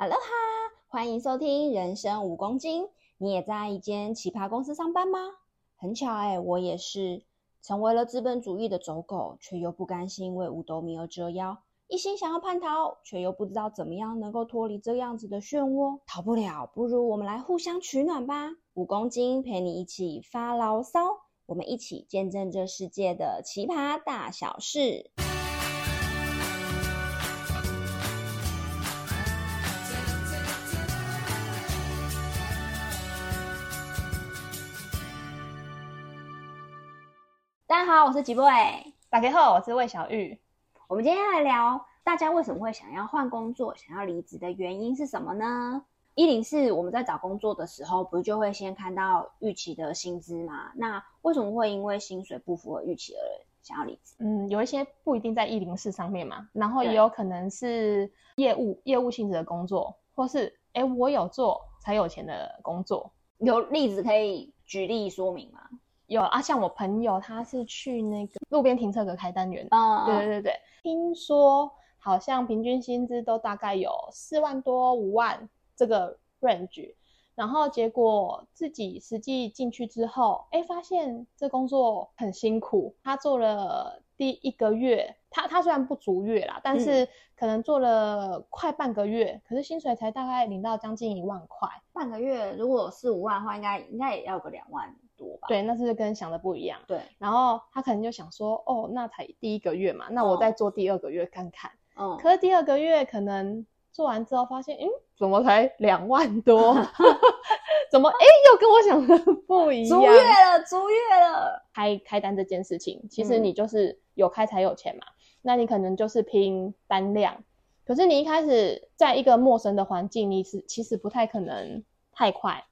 哈嘍哈，歡迎收聽《人生五公斤》。你也在一間奇葩公司上班嗎？很巧誒、欸、我也是，成為了資本主義的走狗，卻又不甘心為五斗米而折腰，一心想要叛逃，卻又不知道怎麼樣能夠脫離這樣子的漩渦，逃不了。不如我們來互相取暖吧，五公斤陪你一起發牢騷，我們一起見證這世界的奇葩大小事。大家好，我是吉波。大家好，我是魏小玉。我們今天要來聊，大家為什麼會想要換工作、想要離職的原因是什麼呢？一零四，我們在找工作的時候，不就會先看到預期的薪資嗎？那為什麼會因為薪水不符合預期而人想要離職？嗯，有一些不一定在一零四上面嘛，然後也有可能是業務、業務性質的工作，或是誒、欸、我有做才有錢的工作。有例子可以舉例說明嗎？有啊，像我朋友，他是去那個路邊停車格開單員的，啊、嗯，對對對對，聽說好像平均薪資都大概有四萬多五萬這個 range，然後結果自己實際進去之後，哎、欸，發現這工作很辛苦，他做了第一個月，他他雖然不足月啦，但是可能做了快半個月，嗯、可是薪水才大概領到將近一萬塊，半個月如果四五萬的話，應該應該也要個兩萬。對，那是跟想的不一樣。對。然後他可能就想說：“哦，那才第一個月嘛，那我再做第二個月看看。嗯”嗯。可是第二個月可能做完之後發現，嗯，怎麼才兩萬多？ 怎麼？哎、欸，又跟我想的不一樣。足月了，足月了。開開單這件事情，其實你就是有開才有錢嘛、嗯。那你可能就是拼單量，可是你一開始在一個陌生的環境，你是其實不太可能太快。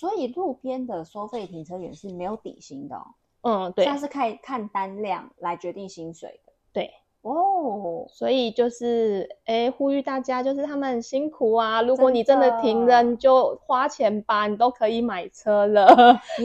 所以路邊的收費停車員是沒有底薪的哦。嗯，對啊，他是看看單量來決定薪水的，對。哦、oh，所以就是哎、欸，呼籲大家，就是他們很辛苦啊。如果你真的停了，你就花錢吧，你都可以買車了，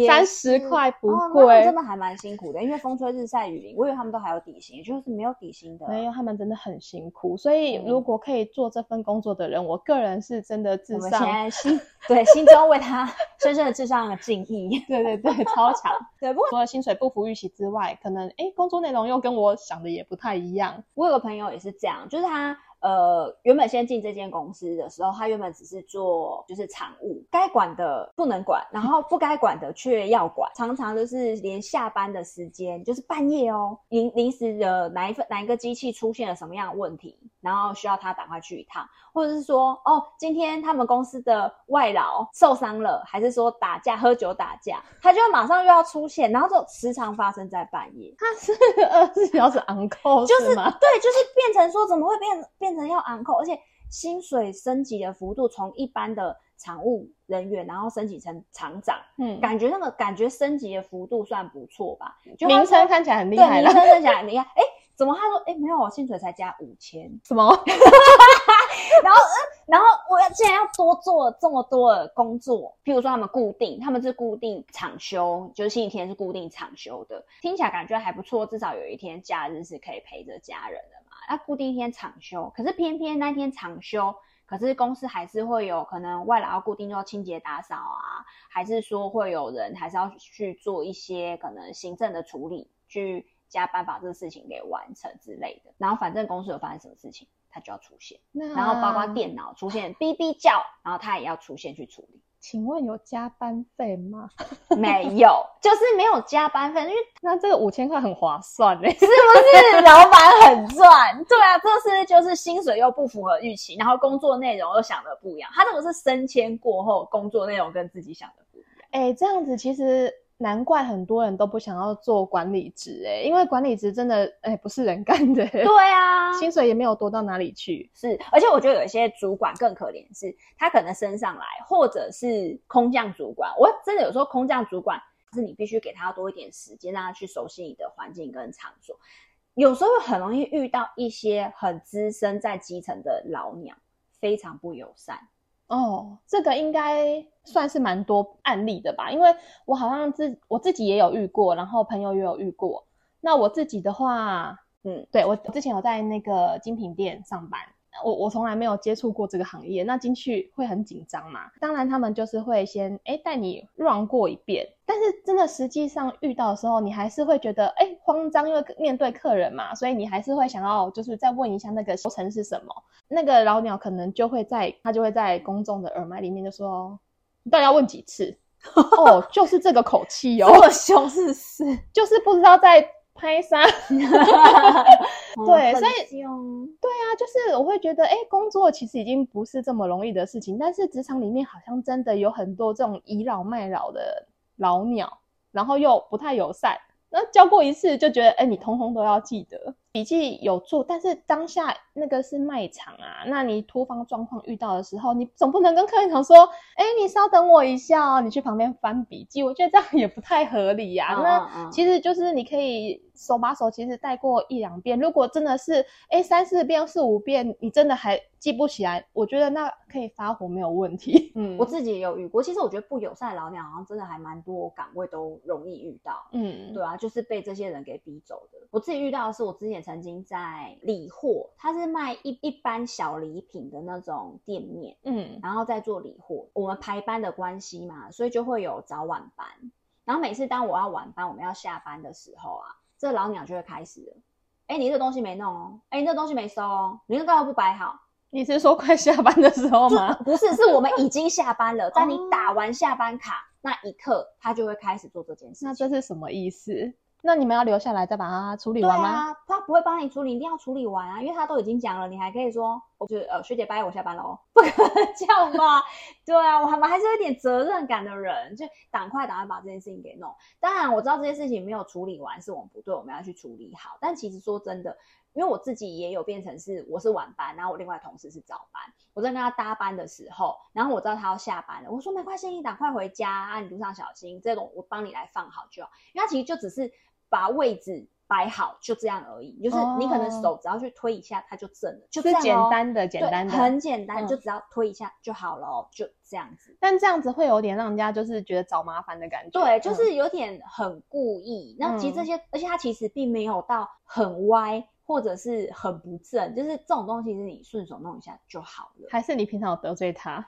三十塊不貴。哦、我真的還蠻辛苦的，因為風吹日曬雨淋。我以為他們都還有底薪，就是沒有底薪的、啊。沒有，他們真的很辛苦。所以如果可以做這份工作的人，我個人是真的致上心， 對心中為他深深的致上敬意。 對對對，超強。 對不過，除了薪水不符預期之外，可能哎、欸，工作內容又跟我想的也不太一樣。我有個朋友也是這樣，就是他呃，原本先進這間公司的時候，他原本只是做就是廠務，該管的不能管，然後不該管的卻要管，常常就是連下班的時間就是半夜哦，臨臨時的哪一份哪一個機器出現了什麼樣的問題。.然後需要他趕快去一趟，或者是說，哦，今天他們公司的外勞受傷了，還是說打架喝酒打架，他就馬上又要出現，然後就時常發生在半夜。他是二 十四小時 on call 就是，是對，就是變成說怎麼會變變成要 on call，而且薪水升級的幅度從一般的廠務人員，然後升級成廠長，嗯，感覺那個感覺升級的幅度算不錯吧？就名稱看起來很厲害啦。名稱看起來很厲害，你 看、欸，哎。怎麼？他說，誒，沒有，我薪水才加五千。什麼？ 然後、呃，然後我要，既然要多做這麼多的工作，譬如說他們固定，他們是固定廠休，就是星期天是固定廠休的，聽起來感覺還不錯，至少有一天假日是可以陪着家人的嘛。那固定一天廠休，可是偏偏那一天廠休，可是公司還是會有可能外來要固定做清潔打掃啊，還是說會有人還是要去做一些可能行政的處理去。加班把這個事情給完成之類的，然後反正公司有發生什麼事情，他就要出現，然後包括電腦出現嗶嗶叫，然後他也要出現去處理。請問有加班費嗎？ 沒有，就是沒有加班費，因為那這個五千塊很划算、欸、是不是老闆？老闆很賺？對啊，這是就是薪水又不符合預期，然後工作內容又想的不一樣。他這個是升遷過後工作內容跟自己想的不一樣。哎、欸，這樣子其實。難怪很多人都不想要做管理職欸，因為管理職真的欸，不是人幹的。對啊，薪水也沒有多到哪裡去。是，而且我覺得有一些主管更可憐，是他可能升上來，或者是空降主管。我真的有時候空降主管，是你必須給他多一點時間，讓他去熟悉你的環境跟場所。有時候很容易遇到一些很資深在基層的老鳥，非常不友善。哦，這個應該算是蠻多案例的吧，因為我好像自，我自己也有遇過，然後朋友也有遇過。那我自己的話，嗯，對，我之前有在那個精品店上班。我我從來沒有接觸過這個行業，那進去會很緊張嘛？當然，他們就是會先哎、欸、帶你繞過一遍，但是真的實際上遇到的時候，你還是會覺得哎、欸、慌張，因為面對客人嘛，所以你還是會想要就是再問一下那個流程是什麼。那個老鳥可能就會在他就會在公眾的耳麥裡面就說：“你到底要問幾次？” 哦，就是這個口氣哦，這麼凶是是， 就是不知道在。拍哈， 對、哦，所以對啊，就是我會覺得，哎、欸，工作其實已經不是這麼容易的事情，但是職場裡面好像真的有很多這種倚老賣老的老鳥，然後又不太友善，那教過一次就覺得，哎、欸，你通通都要記得。筆記有做，但是當下那個是賣場啊，那你突發狀況遇到的時候，你總不能跟客人講說：“哎、欸，你稍等我一下、哦，你去旁邊翻筆記。”我覺得這樣也不太合理呀、啊。那其實就是你可以手把手，其實帶過一兩遍。如果真的是哎、欸、三四遍四五遍，你真的還記不起來，我覺得那可以發火沒有問題。嗯，我自己也有遇過。其實我覺得不友善的老鳥好像真的還蠻多崗位都容易遇到。嗯，對啊，就是被這些人給逼走的。我自己遇到的是我之前。曾經在理貨，他是賣一一般小禮品的那種店面，嗯，然後在做理貨。我們排班的關係嘛，所以就會有早晚班。然後每次當我要晚班，我們要下班的時候啊，這老鳥就會開始了，哎，你這東西沒弄哦，哎，那東西沒收哦，你那個物不擺好？你是說快下班的時候嗎？不是，是我們已經下班了。在 你打完下班卡那一刻，他就會開始做這件事。那這是什麼意思？那你們要留下來再把它處理完嗎？對啊，他不會幫你處理，一定要處理完啊，因為他都已經講了，你還可以說，我就呃學姐掰我下班了哦，不可能這樣吧？對啊，我還是有點責任感的人，就趕快趕快把這件事情給弄。當然我知道這件事情沒有處理完是我們不對，我們要去處理好。但其實說真的，因為我自己也有變成是我是晚班，然後我另外同事是早班，我在跟他搭班的時候，然後我知道他要下班了，我說沒關係，你趕快回家啊，你路上小心，這種我幫你來放好就好。因為他其實就只是。把位置擺好，就這樣而已。就是你可能手只要去推一下，它就正了，哦、就這樣。是簡單的，簡單的，很簡單、嗯、就只要推一下就好了，就這樣子。但這樣子會有點讓人家就是覺得找麻煩的感覺。對、嗯，就是有點很故意。那其實這些、嗯，而且它其實並沒有到很歪或者是很不正，就是這種東西是你順手弄一下就好了。還是你平常有得罪他？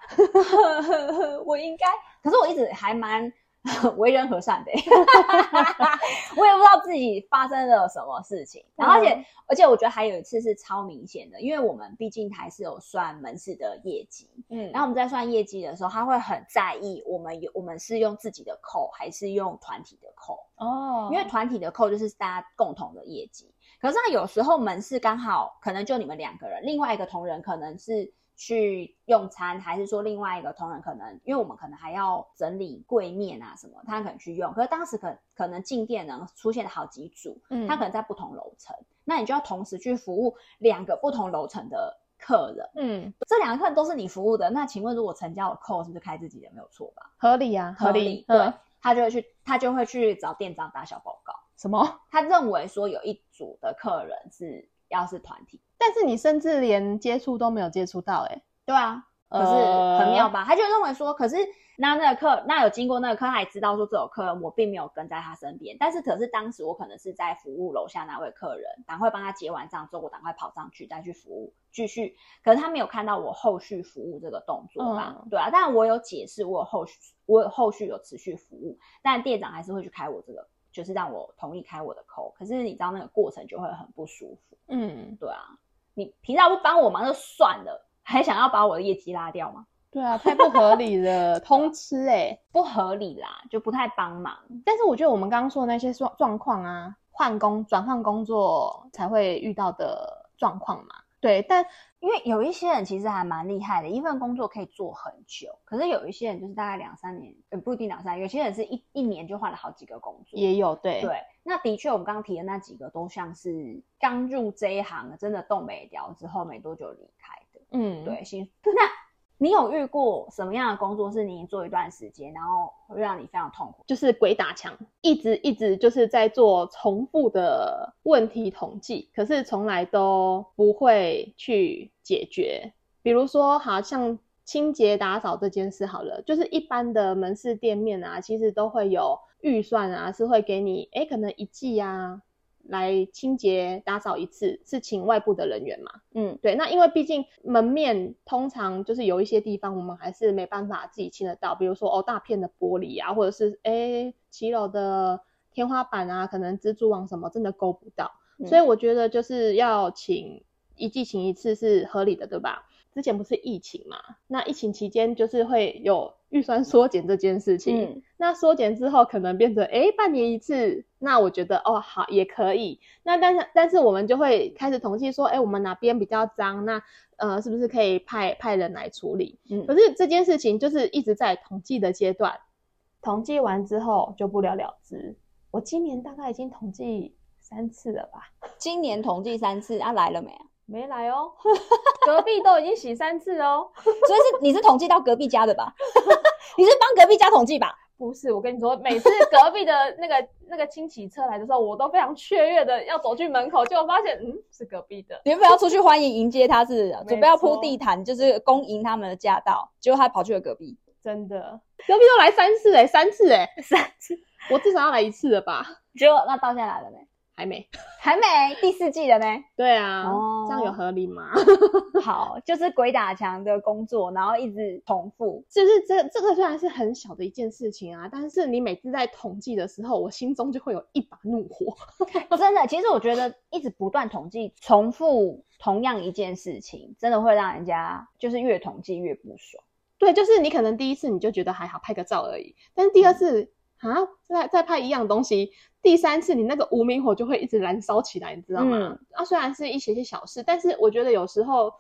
我應該，可是我一直還蠻。 為人和善唄 我也不知道自己發生了什麼事情。然後，而且，而且，我覺得還有一次是超明顯的，因為我們畢竟還是有算門市的業績，嗯，然後我們在算業績的時候，他會很在意我們有我們是用自己的扣還是用團體的扣哦，因為團體的扣就是大家共同的業績。可是，他有時候門市剛好可能就你們兩個人，另外一個同仁可能是。去用餐，還是說另外一個同仁可能，因為我們可能還要整理櫃面啊什麼，他可能去用。可是當時可可能進店呢出現了好幾組，嗯，他可能在不同樓層，那你就要同時去服務兩個不同樓層的客人，嗯，這兩個客人都是你服務的。那請問如果成交的 call 是不是開自己的沒有錯吧？合理啊，合理。合理，對，他就會去，他就會去找店長打小報告。什麼？他認為說有一組的客人是。要是團體，但是你甚至連接觸都沒有接觸到。欸，誒對啊、嗯，可是很妙吧？他就認為說，可是那那個客那有經過那個客，他也知道說，這有客人我並沒有跟在他身邊，但是可是當時我可能是在服務樓下那位客人，趕快幫他結完賬之後，我趕快跑上去再去服務，繼續，可是他沒有看到我後續服務這個動作吧？嗯、對啊，但我有解釋，我有後續我有後續有持續服務，但店長還是會去開我這個。就是讓我同意開我的口，可是你知道那個過程就會很不舒服。嗯，對啊，你平常不幫我忙就算了，還想要把我的業績拉掉嗎？對啊，太不合理了， 通吃誒、欸、不合理啦，就不太幫忙。但是我覺得我們剛剛說的那些狀狀況啊，換工、轉換工作才會遇到的狀況嘛。對，但因為有一些人其實還蠻厲害的，一份工作可以做很久。可是有一些人就是大概兩三年，呃，不一定兩三，有些人是一一年就換了好幾個工作，也有對對。那的確，我們剛提的那幾個都像是剛入這一行，真的動沒掉之後沒多久離開的。嗯，對，是那。你有遇過什麼樣的工作是你做一段時間，然後會讓你非常痛苦？就是鬼打牆，一直一直就是在做重複的問題統計，可是從來都不會去解決。比如說，好像清潔打掃這件事好了，就是一般的門市店面啊，其實都會有預算啊，是會給你，誒，可能一季啊。來清潔打掃一次是請外部的人員嘛？嗯，對。那因為畢竟門面通常就是有一些地方我們還是沒辦法自己清得到，比如說哦，大片的玻璃啊，或者是哎、欸、七樓的天花板啊，可能蜘蛛網什麼真的勾不到、嗯，所以我覺得就是要請一季請一次是合理的，對吧？之前不是疫情嘛？那疫情期間就是會有預算縮減這件事情。嗯嗯、那縮減之後可能變成哎、欸、半年一次。那我覺得哦好也可以。那但是但是我們就會開始統計說哎、欸、我們哪邊比較髒？那呃是不是可以派派人來處理？嗯。可是這件事情就是一直在統計的階段，統計完之後就不了了之。我今年大概已經統計三次了吧？今年統計三次，啊，來了沒？沒來哦，隔壁都已經洗三次哦， 所以是你是統計到隔壁家的吧？ 你是幫隔壁家統計吧？不是，我跟你說，每次隔壁的那個 那個清洗車來的時候，我都非常雀躍的要走去門口，結果發現，嗯，是隔壁的，原本要，要出去歡迎迎接他是，是 準備要鋪地毯，就是恭迎他們的駕到，結果他跑去了隔壁，真的，隔壁都來三次誒、欸、三次誒、欸、 三次，我至少要來一次的吧？結果那倒下來了沒？還沒，還沒第四季的呢。對啊、哦，這樣有合理嗎？好，就是鬼打牆的工作，然後一直重複。就是這這個雖然是很小的一件事情啊，但是你每次在統計的時候，我心中就會有一把怒火。 真的，其實我覺得一直不斷統計、重複同樣一件事情，真的會讓人家就是越統計越不爽。對，就是你可能第一次你就覺得還好，拍個照而已，但是第二次、嗯、啊，再再拍一樣東西。第三次，你那個無名火就會一直燃燒起來，你知道嗎？嗯。啊，雖然是一些些小事，但是我覺得有時候。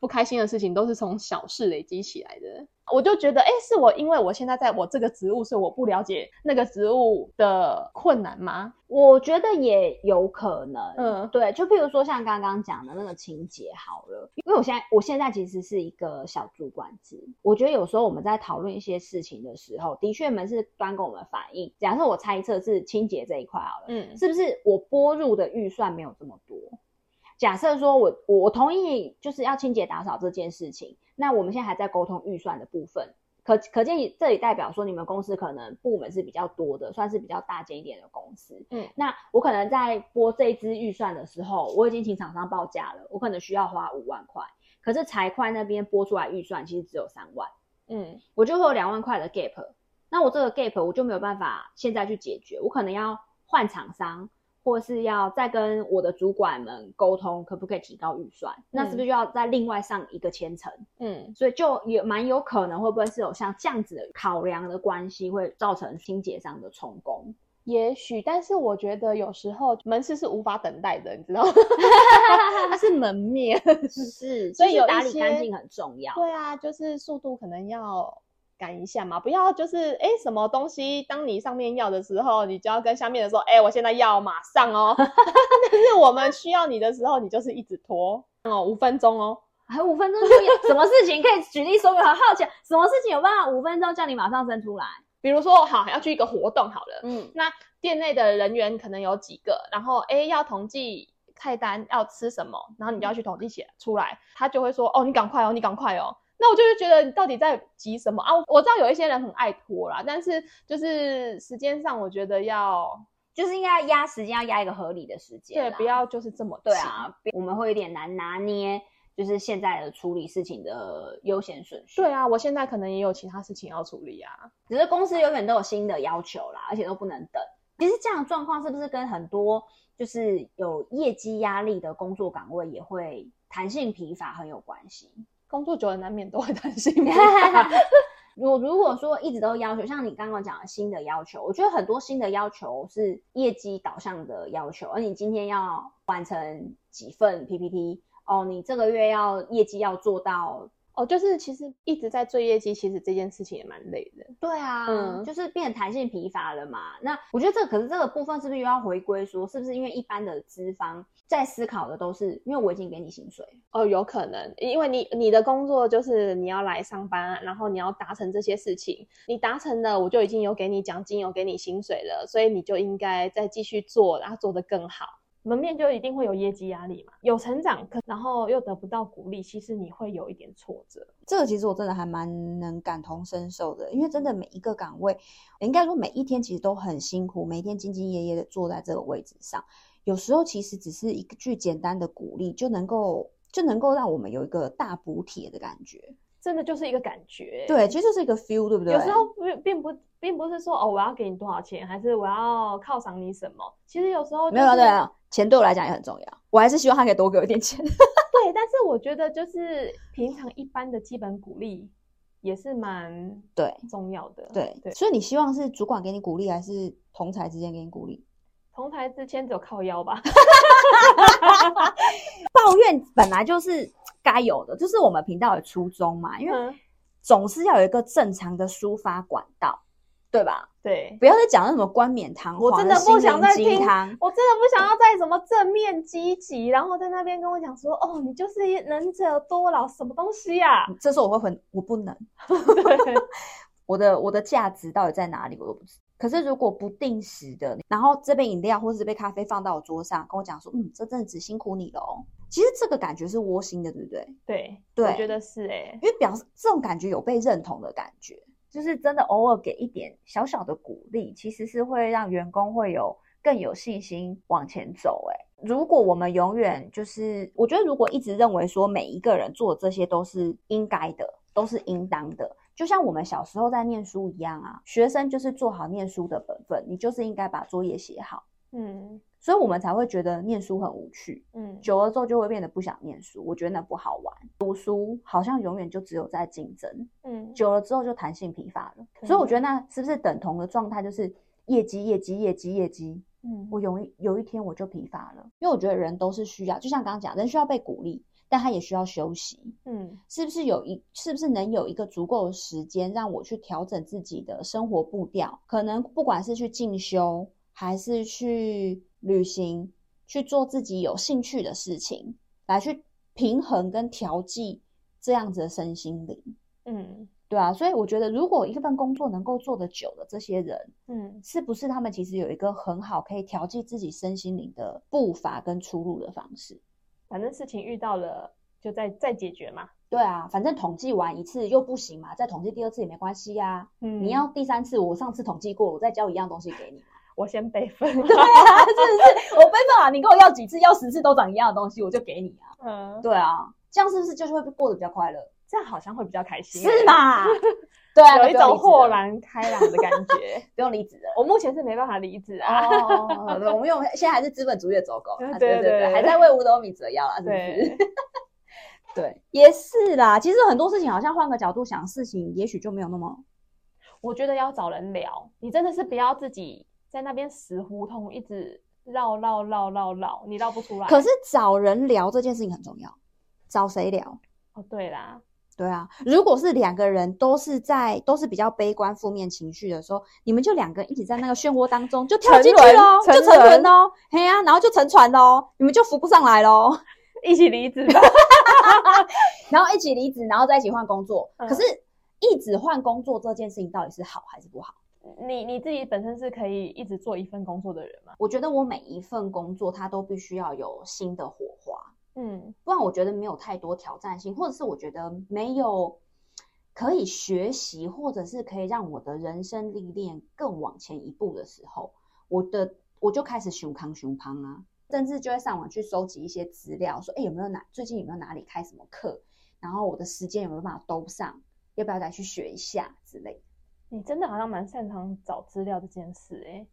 不開心的事情都是從小事累積起來的。我就覺得，哎、欸，是我因為我現在在我這個職務，是我不了解那個職務的困難嗎？我覺得也有可能，嗯，對。就比如說像剛剛講的那個清潔好了，因為我現在我現在其實是一個小主管職，我覺得有時候我們在討論一些事情的時候，的確門市端跟我們反映。假設我猜測是清潔這一塊好了，嗯，是不是我撥入的預算沒有這麼多？假設說我，我我同意，就是要清潔打掃這件事情。那我們現在還在溝通預算的部分，可可見以這裡代表說，你們公司可能部門是比較多的，算是比較大間一點的公司。嗯，那我可能在撥這一支預算的時候，我已經請廠商報價了，我可能需要花五萬塊，可是財會那邊撥出來預算其實只有三萬，嗯，我就會有兩萬塊的 gap，那我這個 gap 我就沒有辦法現在去解決，我可能要換廠商。或是要再跟我的主管們溝通，可不可以提高預算？嗯，那是不是就要再另外上一個簽呈？嗯，所以就也蠻有可能會不會是有像這樣子的考量的關係，會造成清潔上的衝突？也許，但是我覺得有時候門市是無法等待的，你知道嗎？哈哈哈哈哈，它是門面，是所以有一些打理乾淨很重要。對啊，就是速度可能要。趕一下嘛，不要就是哎、欸、什麼東西，當你上面要的時候，你就要跟下面的說，哎、欸、我現在要馬上哦。 但是我們需要你的時候，你就是一直拖哦，五分鐘哦，還有五分鐘？ 什麼事情可以舉例說明？好，好奇，什麼事情有辦法五分鐘叫你馬上生出來？比如說好要去一個活動好了，嗯，那店內的人員可能有幾個，然後哎、欸、要統計菜單要吃什麼，然後你就要去統計寫出來，嗯，他就會說哦你趕快哦你趕快哦。你趕快哦。那我就是覺得你到底在急什麼啊？我知道有一些人很愛拖啦，但是就是時間上，我覺得要就是應該要壓時間，要壓一個合理的時間，對，不要就是這麼急，對啊。我們會有點難拿捏，就是現在的處理事情的優先順序。對啊，我現在可能也有其他事情要處理啊。只是公司永遠都有新的要求啦，而且都不能等。其實這樣的狀況是不是跟很多就是有業績壓力的工作崗位也會彈性疲乏很有關係？工作久了難免都會擔心。 我如果說一直都要求，像你剛剛講的新的要求，我覺得很多新的要求是業績導向的要求，而你今天要完成幾份 PPT 哦，你這個月要業績要做到。哦，就是其實一直在做業績，其實這件事情，也蠻累的。對啊，嗯，就是變彈性疲乏了嘛。那我覺得這個、可是這個部分，是不是又要回歸說，是不是因為一般的資方在思考的都是，因為我已經給你薪水。哦，有可能，因為你你的工作就是你要來上班，然後你要達成這些事情，你達成了，我就已經有給你獎金，有給你薪水了，所以你就應該再繼續做，然後做得更好。門面就一定會有業績壓力嘛，有成長可，然後又得不到鼓勵，其實你會有一點挫折。這個其實我真的還蠻能感同身受的，因為真的每一個崗位，應該說每一天其實都很辛苦，每一天兢兢業業的坐在這個位置上，有時候其實只是一句簡單的鼓勵，就能夠就能夠讓我們有一個大補帖的感覺。真的就是一個感覺、欸，對，其實就是一個 feel，對不對？有時候並不並不是說哦，我要給你多少錢，還是我要犒賞你什麼？其實有時候、就是、沒有、啊，對啊，錢對我來講也很重要，我還是希望他可以多給我一點錢。 對，但是我覺得就是平常一般的基本鼓勵也是蠻對重要的，對對，對。所以你希望是主管給你鼓勵，還是同儕之間給你鼓勵？同儕之間只有靠腰吧， 抱怨本來就是。該有的就是我們頻道的初衷嘛，因為總是要有一個正常的抒發管道，嗯、對吧？對，不要再講那什麼冠冕堂皇，我真的不想再聽，我真的不想要再什麼正面積極、嗯，然後在那邊跟我講說，哦，你就是能者多勞，什麼東西呀、啊？這時候我會很，我不能， 對 我的我的價值到底在哪裡？我都不知。可是如果不定時的，然後這杯飲料或者是這杯咖啡放到我桌上，跟我講說，嗯，這陣子辛苦你了、哦。其實這個感覺是窩心的，對不對？對對，我覺得是誒，欸，因為表示這種感覺有被認同的感覺，就是真的偶爾給一點小小的鼓勵，其實是會讓員工會有更有信心往前走欸。誒，如果我們永遠就是，我覺得如果一直認為說每一個人做這些都是應該的，都是應當的，就像我們小時候在念書一樣啊，學生就是做好念書的本分，你就是應該把作業寫好。嗯。所以我們才會覺得念書很無趣，嗯，久了之後就會變得不想念書。我覺得那不好玩，讀書好像永遠就只有在競爭，嗯，久了之後就彈性疲乏了。所以我覺得那是不是等同的狀態，就是業績、業績、業績、業績，嗯，我有一有一天我就疲乏了，因為我覺得人都是需要，就像剛剛講，人需要被鼓勵，但他也需要休息，嗯，是不是有一，是不是能有一個足夠的時間讓我去調整自己的生活步調？可能不管是去進修。還是去旅行，去做自己有興趣的事情，來去平衡跟調劑這樣子的身心靈。嗯，對啊，所以我覺得，如果一份工作能夠做得久的這些人，嗯，是不是他們其實有一個很好可以調劑自己身心靈的步伐跟出路的方式？反正事情遇到了，就再再解決嘛。對啊，反正統計完一次又不行嘛，再統計第二次也沒關係呀。啊嗯。你要第三次，我上次統計過，我再交一樣東西給你。我先備份， 對啊，是不是？我備份啊！你跟我要幾次，要十次都長一樣的東西，我就給你啊。嗯，對啊，這樣是不是就是會過得比較快樂？這樣好像會比較開心是吧，是嗎？對啊，有一種豁然開朗的感覺。不 用離職，我目前是沒辦法離職啊。 哦，我們用現在還是資本主義的走狗，對對對，還在為五斗米折腰了，是不是？對， 對，也是啦。其實很多事情好像換個角度想，事情也許就沒有那麼……我覺得要找人聊，你真的是不要自己。在那邊死胡同一直繞繞繞繞繞，你繞不出來。可是找人聊這件事情很重要。找誰聊？哦，對啦，對啊。如果是兩個人都是在都是比較悲觀負面情緒的時候，你們就兩個一起在那個漩渦當中就跳進去嘍，就沉淪嘍。嘿呀，然後就沉船嘍，你們就浮不上來嘍，一起離職。 然後一起離職，然後再一起換工作。嗯、可是，一直換工作這件事情到底是好還是不好？你你自己本身是可以一直做一份工作的人嗎？我覺得我每一份工作，它都必須要有新的火花，嗯，不然我覺得沒有太多挑戰性，或者是我覺得沒有可以學習，或者是可以讓我的人生歷練更往前一步的時候，我的我就開始熊扛熊扛啊，甚至就會上網去收集一些資料，說哎、欸、有沒有哪最近有沒有哪裡開什麼課，然後我的時間有沒有辦法兜上，要不要再去學一下之類的。你真的好像蠻擅長找資料這件事誒、欸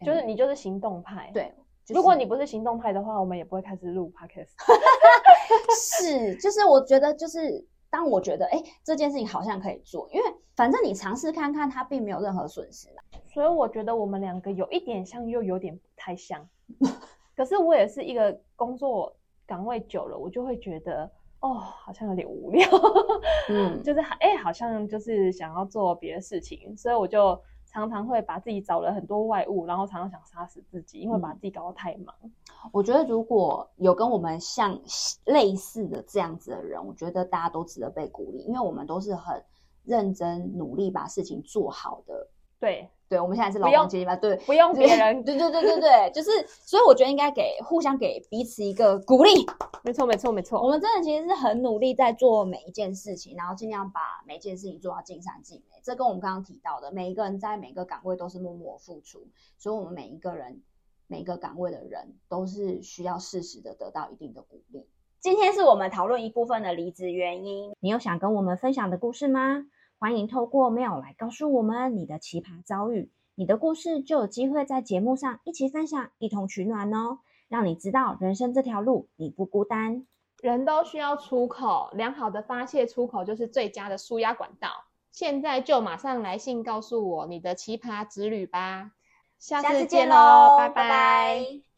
嗯、就是你就是行動派。對、就是，如果你不是行動派的話，我們也不會開始錄 Podcast。 是，就是我覺得，就是當我覺得誒、欸、這件事情好像可以做，因為反正你嘗試看看，它並沒有任何損失啦。所以我覺得我們兩個有一點像，又有點不太像。 可是我也是一個工作崗位久了，我就會覺得。哦，好像有點無聊。 嗯，就是，哎，好像就是想要做別的事情，所以我就常常會把自己找了很多外物，然後常常想殺死自己，因為把自己搞得太忙。嗯。我覺得如果有跟我們像類似的這樣子的人，我覺得大家都值得被鼓勵，因為我們都是很認真努力把事情做好的。對。對，我們現在是勞動節嘛？對，不用別人，對，對對對對對，就是，所以我覺得應該給互相給彼此一個鼓勵。沒錯，沒錯，沒錯。我們真的其實是很努力在做每一件事情，然後盡量把每件事情做到盡善盡美。這跟我們剛剛提到的，每一個人在每個崗位都是默默付出，所以我們每一個人每個崗位的人都是需要適時的得到一定的鼓勵。今天是我們討論一部分的離職原因，你有想跟我們分享的故事嗎？歡迎透過 mail 來告訴我們你的奇葩遭遇，你的故事就有機會在節目上一起分享，一同取暖哦，讓你知道人生這條路你不孤單。人都需要出口，良好的發洩出口就是最佳的紓壓管道。現在就馬上來信告訴我你的奇葩之旅吧，下次見嘍，拜拜。拜拜